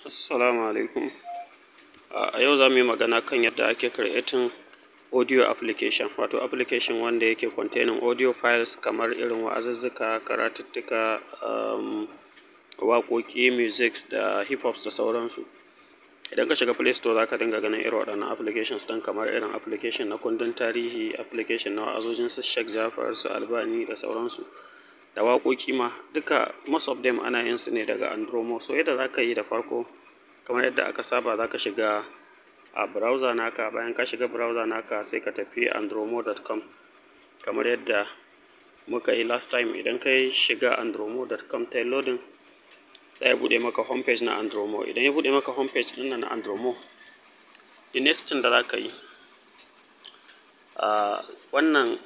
Assalamu alaikum. A yau za mu yi magana kan yadda ake creating audio application, wato application wanda yake containing audio files kamar irin wa'azuzzuka, karatuttuka, um, waƙoƙi, music da hip hop da sauransu. Idan ka shiga Play Store za ka dinga ganin irin waɗannan applications ɗin kamar irin application na kundin tarihi, application na wa'azojin su Sheikh Jafar, su Albani da sauransu. da waƙoƙi ma duka most of them ana yin su ne daga Andromo so yadda za ka yi da farko kamar yadda aka saba za ka shiga a browser naka bayan ka shiga browser naka sai ka tafi andromo.com kamar yadda muka yi last time idan ka shiga andromo.com ta loading ya buɗe maka homepage na andromo idan ya buɗe maka homepage ɗin na andromo the next thing da za ka yi uh, wannan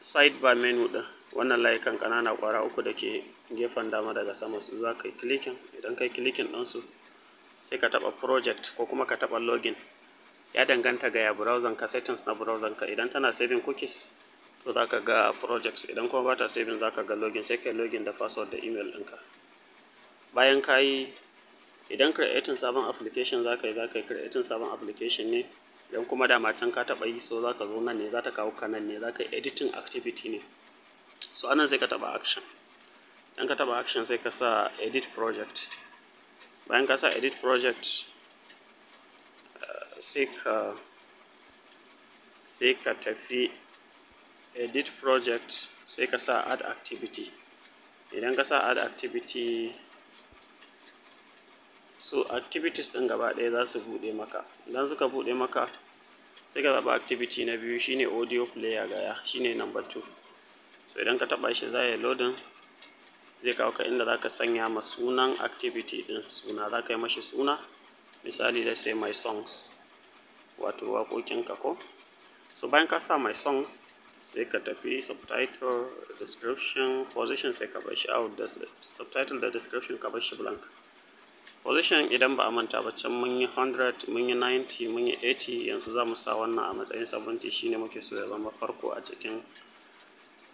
side bar menu ɗin wannan layukan ƙanana ƙwara uku da ke gefen dama daga sama su za ka yi klikin idan ka yi klikin ɗansu sai ka taɓa project ko kuma ka taɓa login ya danganta ga ya browser ka settings na browser ka idan tana saving cookies to za ka ga projects idan kuma ba ta saving za ka ga login sai ka yi login da password da email ɗinka bayan ka yi idan creating sabon application za ka yi za ka yi creating sabon application ne idan kuma dama can ka taɓa yi so za ka zo nan ne za ta kawo ka nan ne za ka yi editing activity ne so anan sai ka taɓa action idan ka taɓa action sai ka sa edit project bayan ka sa edit project eh, sai ka sai ka tafi edit project sai ka sa add activity idan ka sa add activity so activities ɗin gaba ɗaya za su buɗe maka idan suka buɗe maka sai ka zaɓi activity na biyu shine audio player gaya shine number 2 so idan ka taɓa shi za ya loading zai kawo ka inda zaka sanya ma sunan activity ɗin suna za ka yi mashi suna misali da sai my songs wato waƙoƙinka ko so bayan ka sa my songs sai ka tafi subtitle description position sai ka bar shi out da subtitle da description ka bar shi blank position idan ba a manta ba can mun yi 100 mun yi 90 mun yi 80 yanzu za mu sa wannan a matsayin 70 shine muke so ya zama farko a cikin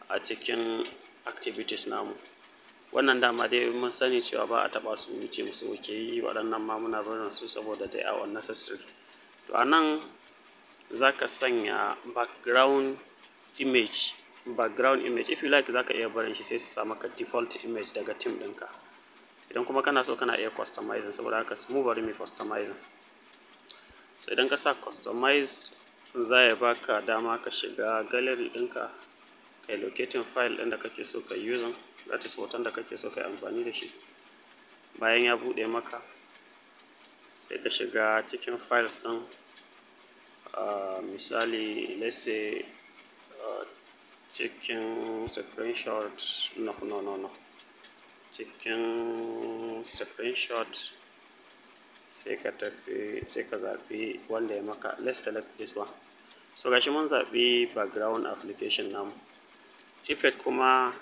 a cikin activities namu wannan dama dai mun sani cewa ba a taɓa su wuce musu ke yi waɗannan ma muna barin su saboda dai a wannan necessary to a nan za ka sanya background image background image if you like za ka iya barin shi sai su sa maka default image daga team ɗinka idan kuma kana so kana iya customizing saboda haka mu bari mu customizing so idan ka sa customized za ya baka dama ka shiga gallery ɗinka kai locating file ɗin da kake so ka using that is hoton da kake so kai amfani da shi bayan ya buɗe maka sai ka shiga cikin files ɗin uh, misali let's say ah, cikin screenshot no no no no cikin screenshot sai ka tafi sai ka zaɓi wanda ya maka let's select this one so gashi mun zaɓi background application namu effect kuma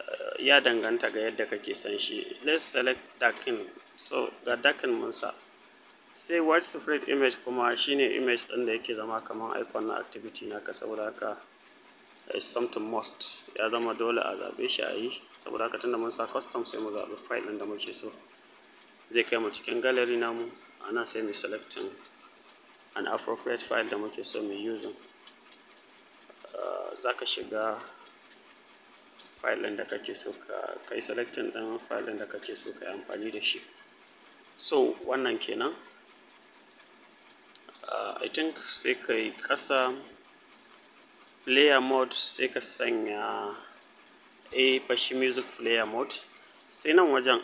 eh, ya danganta ga yadda kake son shi let's select dakin so ga dakin mun sa sai spread image kuma shine image ɗin da yake zama kamar icon na activity naka saboda haka is something must ya zama dole a zaɓe shi a yi saboda haka tunda mun sa custom sai mu zaɓi file ɗin da muke so zai kai mu cikin gallery namu a nan sai mu selecting an appropriate file da muke so mu use ah, za ka shiga file ɗin da kake so ka kai selecting ɗin file ɗin da kake so ka amfani da shi so wannan kenan uh, i think sai kai kasa. player mode sai ka sanya a fashi music player mode sai nan wajen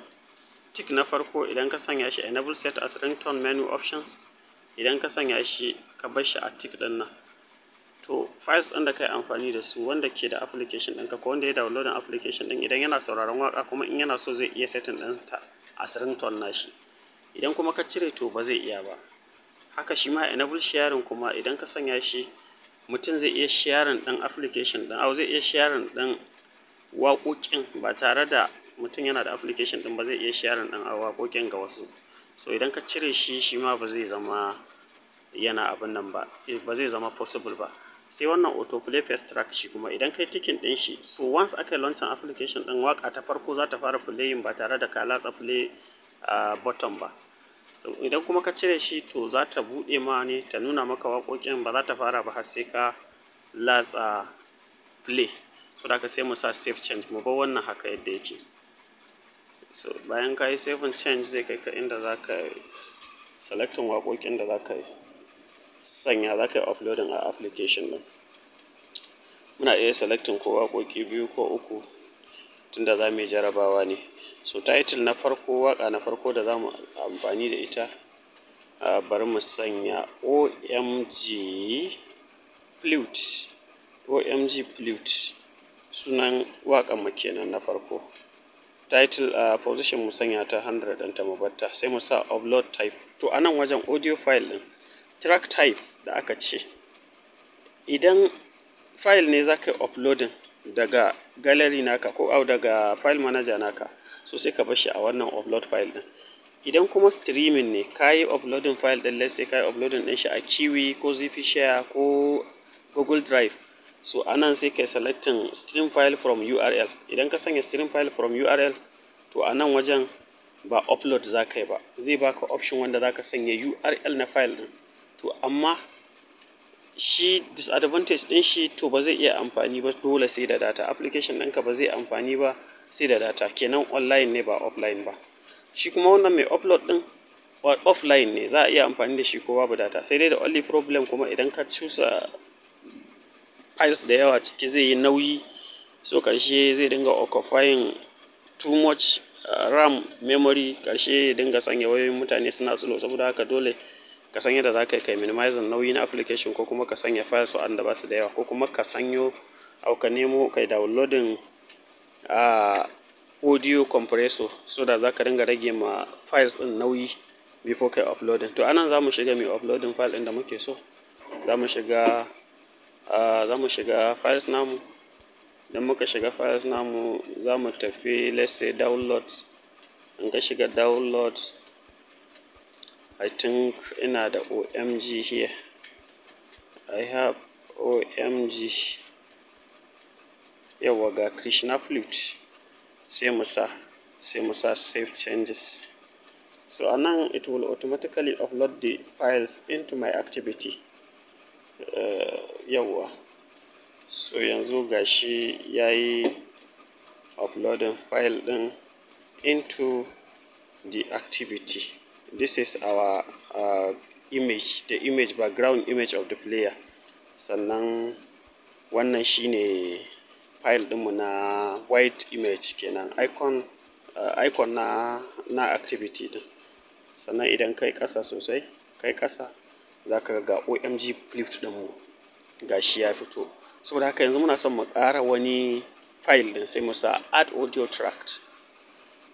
tick na farko idan ka sanya shi enable set as ringtone menu options idan ka sanya shi ka bar shi a tick din nan to files ɗin da kai amfani da su wanda ke da application ka ko wanda ya download application ɗin idan yana sauraron waka kuma in yana so zai iya setting ta as ringtone nashi idan kuma ka cire to ba zai iya ba haka shi ma enable sharing kuma idan ka sanya shi mutum zai iya sharing ɗin application ɗin au zai iya sharing ɗin waƙoƙin ba tare da mutum yana da application ɗin ba zai iya sharing ɗin waƙoƙin ga wasu so idan ka cire shi shi ma ba zai zama yana abin nan ba eh, ba zai zama possible ba sai wannan auto play first track shi kuma idan kai tikin ɗin shi so once aka yi launching application ɗin waƙa ta farko za ta fara playing ba tare da ka latsa play uh, button ba idan kuma ka cire shi to za ta buɗe ma ne ta nuna maka waƙoƙin ba za ta fara ba har sai ka latsa play so da ka sai mu sa save change mu bar wannan haka yadda yake so bayan ka yi save change zai kai ka inda za ka selectin waƙoƙin da za ka sanya za ka yi uploading a application ɗin muna iya selectin ko waƙoƙi biyu ko uku tunda za mu yi jarabawa ne so title na farko waka na farko da zamu amfani da ita bari mu sanya omg flute omg flute sunan waƙan mu kenan na farko title a position mu sanya ta 100 ɗinta mu batta sai mu sa upload type to anan wajen audio file din, track type da aka ce idan file ne zaka ka yi uploading daga gallery naka ko au daga file manager naka so sai ka bar shi a wannan upload file din idan kuma streaming ne ka yi uploading file din let's say ka yi uploading din shi a kiwi ko ZP share ko google drive so anan sai ka selecting stream file from url idan ka sanya stream file from url to anan wajen ba upload za ka ba zai baka option wanda za ka sanya url na file din to amma shi disadvantage din shi to ba zai iya amfani ba dole sai da data application ɗinka ba zai amfani ba sai da data kenan online ne ba offline ba shi kuma wannan mai upload ɗin offline ne za a iya amfani da shi ko babu data sai dai da only problem kuma idan ka cusa files da yawa ciki zai yi nauyi so karshe zai dinga occupying too much uh, ram memory karshe ya dinga sanya wayoyin mutane suna slow saboda haka dole ka sanya da za ka yi kai minimizing nauyi na application ko kuma ka sanya files wa'anda ba su da yawa ko kuma ka sanyo au ka nemo kai downloading uh, audio compressor so da za ka dinga rage ma files din nauyi before kai uploading to anan za mu shiga mai uploading file din da muke so za mu shiga uh, za mu shiga files namu idan muka shiga files namu za mu tafi let's say download in ka shiga download I think ina da OMG here I have OMG yawwa ga krishna flute sai mu sa sai mu sa save changes so anan it will automatically upload the files into my activity uh, eh, yawwa so yanzu gashi yayi uploading file din into the activity this is our uh, image the image background image of the player sannan wannan shine file ɗinmu na white image kenan icon uh, na na activity din sannan idan kai ƙasa sosai kai ƙasa za ka ga omg flip ɗinmu ga shi ya fito saboda haka yanzu muna son mu ƙara wani file ɗin sai mu sa add audio tract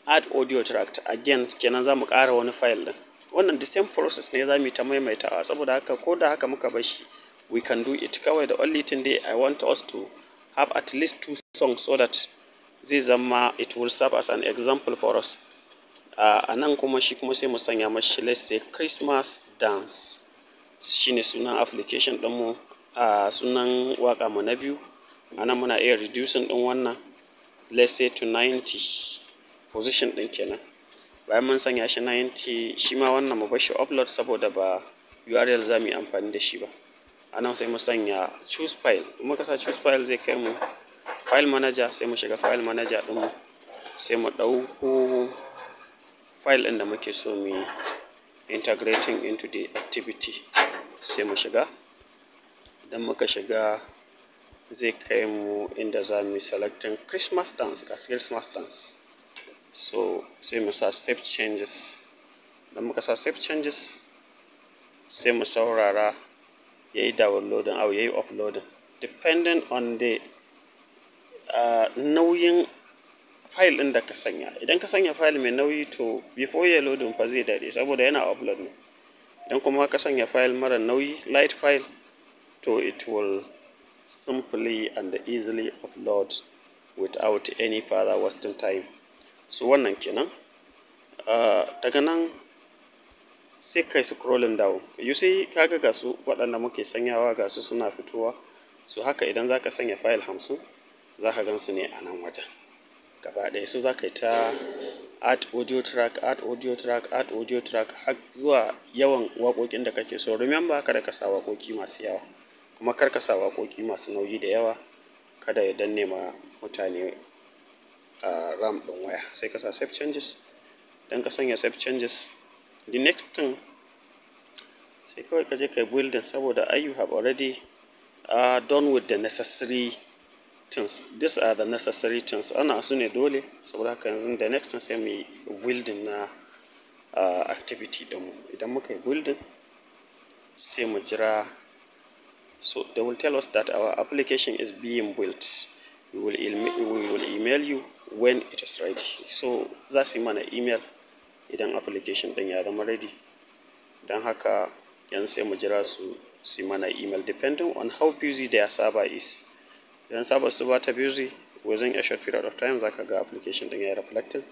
add audio tract again kenan zamu mu ƙara wani file ɗin wannan the same process ne za mu yi ta maimaitawa saboda haka ko da haka muka bashi we can do it kawai da only thing dai i want us to have at least two songs so that zai zama it will serve as an example for us ah, a nan kuma shi kuma sai mu sanya mashi let's say christmas dance shine sunan application ɗinmu a ah, sunan waka mu na biyu a muna iya reducing din wannan let's say to 90 position ɗin kenan bayan mun sanya shi 90 shi ma wannan mu bar shi upload saboda ba url za mu yi amfani da shi ba a nan sai mu sanya choose file muka sa choose file zai kai mu file manager sai mu shiga file manager din mu sai mu ɗauko file ɗin da muke so mu integrating into the activity sai mu shiga idan muka shiga zai kai mu inda za mu selecting christmas dance ka christmas dance so sai mu sa save changes idan muka sa save changes sai mu saurara ya yi downloading au ya yi uploading depending on the uh, nauyin file ɗin da ka sanya idan ka sanya file mai nauyi to before ya lodin fa zai daɗe saboda yana upload ne idan kuma ka sanya file mara nauyi light file to it will simply and easily upload without any further wasting time so wannan kenan uh, daga nan sai kai scrolling down you see kaga ga su waɗanda muke sanyawa ga su suna fitowa su haka idan zaka sanya file hamsin zaka gansu ne a nan wajen gaba ɗaya su zaka ta add audio track add audio track add audio track har zuwa yawan waƙoƙin da kake so remember kada ka sa waƙoƙi masu yawa kuma kar ka sa waƙoƙi masu nauyi da yawa kada ya danne ma mutane ah, ram ɗin waya sai ka sa save changes don ka sanya save changes the next thing sai kawai ka je ka building saboda ai you have already uh, done with the necessary things these are the necessary things ana su ne dole saboda haka yanzu the next thing sai mu yi building na uh, activity ɗinmu idan muka yi building sai mu jira so they will tell us that our application is being built we will, we will email you when it is ready so za su yi mana email idan application ɗin ya zama ready don haka yan sai mu jira su su mana email depending on how busy their server is idan server su ba ta busy within a short period of time zaka ga application ɗin ya reflected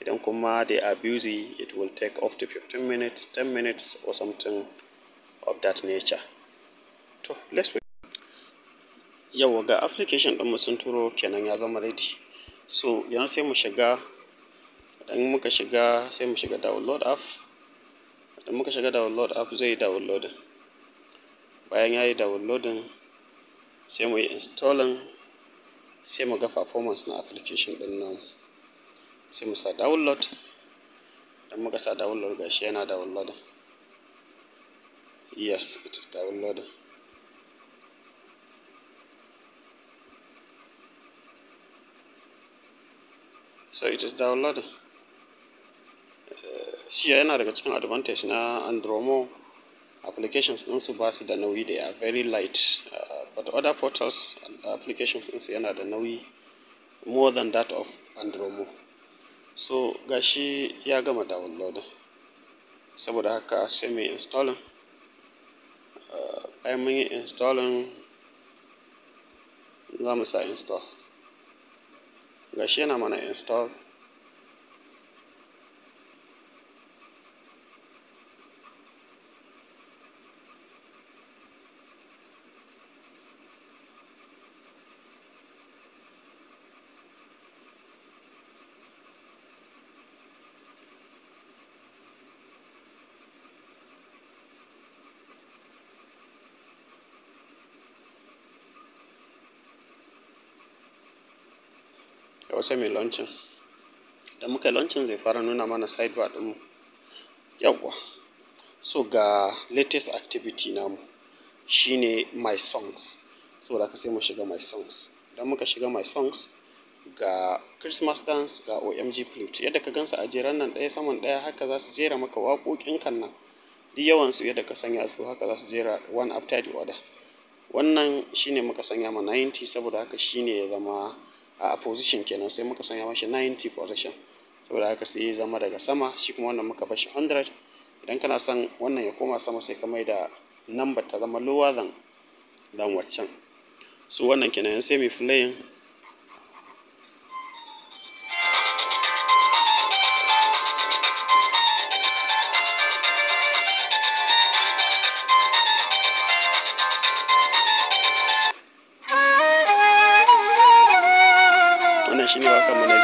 idan kuma they are busy it will take up to 15 minutes 10 minutes or something of that nature to let's wait yau ga application mu sun turo kenan ya zama ready so yanzu sai mu shiga Kaɗan muka shiga sai mu shiga download app idan muka shiga download app zai yi downloading bayan ya yi downloading sai mu yi installing sai mu ga performance na application ɗin namu sai mu sa download idan muka sa download gashi yana downloading yes it is downloading so it is downloading Shiya yana daga cikin advantage na andromo applications su ba su da nauyi da are very light uh, but other portals applications ɗinsu yana da nauyi more than that of andromo so gashi ya gama download saboda haka sai mai installing uh, bayan mun yi installing za mu sa install gashi yana mana install hausa mai launcin da muka launcin zai fara nuna mana sidebar ɗinmu yawwa so ga latest activity namu shine my songs saboda haka sai mu shiga my songs idan muka shiga my songs ga christmas dance ga omg flute yadda ka gansa a jeran nan ɗaya saman ɗaya haka za su jera maka waƙoƙin kan nan duk yawansu yadda ka sanya su haka za su jera one after the other wannan shine muka sanya ma 90 saboda haka shine ya zama a position kenan sai muka sanya mashi 90 position saboda haka sai ya zama daga sama shi kuma wannan muka bashi 100 idan kana son wannan ya koma sama sai ka mai da number ta zama lower than dan waccan so wannan kenan sai mai flying shine wakan mu na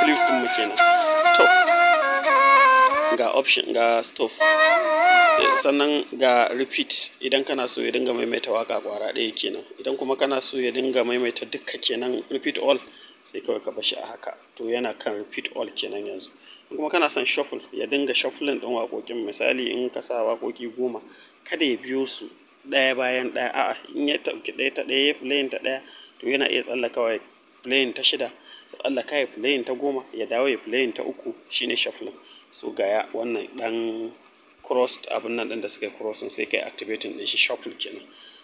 biyu flute din mu kenan to ga option ga eh, sannan ga repeat idan kana so ya dinga maimaita waka kwara ɗaya kenan idan kuma kana so ya dinga maimaita dukka kenan repeat all sai kawai ka bashi a haka to yana kan repeat all kenan yanzu in kuma kana son shuffle ya dinga shuffling ɗin waƙoƙin misali in ka sa waƙoƙi goma kada ya biyo su ɗaya bayan ɗaya a'a in ya ɗauki ɗaya ta ɗaya ya layin ta ɗaya to yana iya tsallakawa ya filayin ta shida ya tsallaka ya filayin ta goma ya dawo ya layin ta uku shine shuffling so gaya wannan ɗan crossed abin nan ɗin da suka crossing sai kai activating ɗin shi shuffle kenan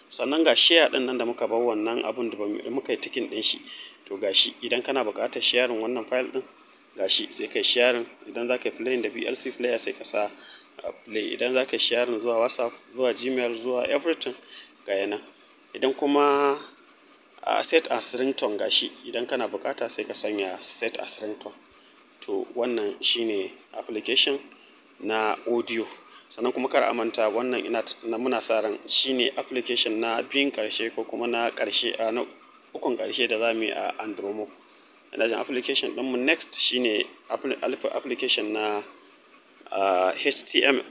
sannan ga share ɗin nan da muka bar wannan abin da muka yi tikin ɗin shi to gashi idan kana buƙatar sharing wannan file ɗin gashi sai ka sharing idan za ka playing da VLC player sai ka sa uh, play idan za ka sharing zuwa WhatsApp zuwa Gmail zuwa everything ga yana idan kuma a uh, set as ringtone gashi idan kana bukata sai ka sanya set as ringtone to wannan shine application na audio sannan kuma kar a manta wannan ina na muna sa ran shine application na bin karshe ko kuma na karshe a uh, na ukun karshe da zamu yi a Andromo Yana jin application ɗinmu next shine application na uh, ah, HTML,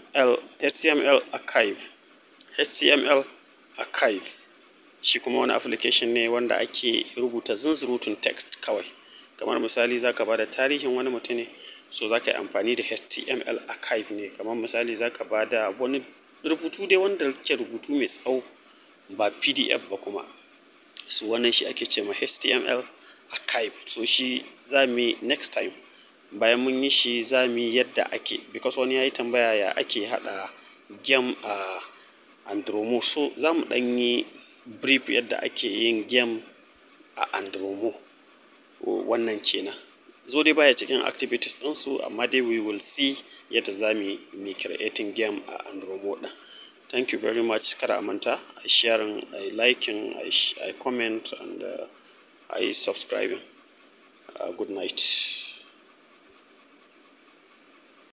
HTML archive HTML archive shi kuma wani application ne wanda ake rubuta zunzurutun text kawai kamar misali zaka bada tarihin wani mutum ne so zaka yi amfani da HTML archive ne kamar misali zaka da wani rubutu dai wanda ke rubutu mai tsawo ba PDF ba kuma su so, wannan shi ake ce ma HTML archive so shi za mu next time bayan mun yi shi za mu yi yadda ake because wani ya yi tambaya ya ake haɗa game a andromo so za mu ɗan yi brief yadda ake yin game a andromo wannan kenan zo dai baya cikin activities su amma dai we will see yadda za mu yi creating game a andromo ɗin thank you very much kada manta a sharing a liking a comment and uh, I subscribe. Uh, good night.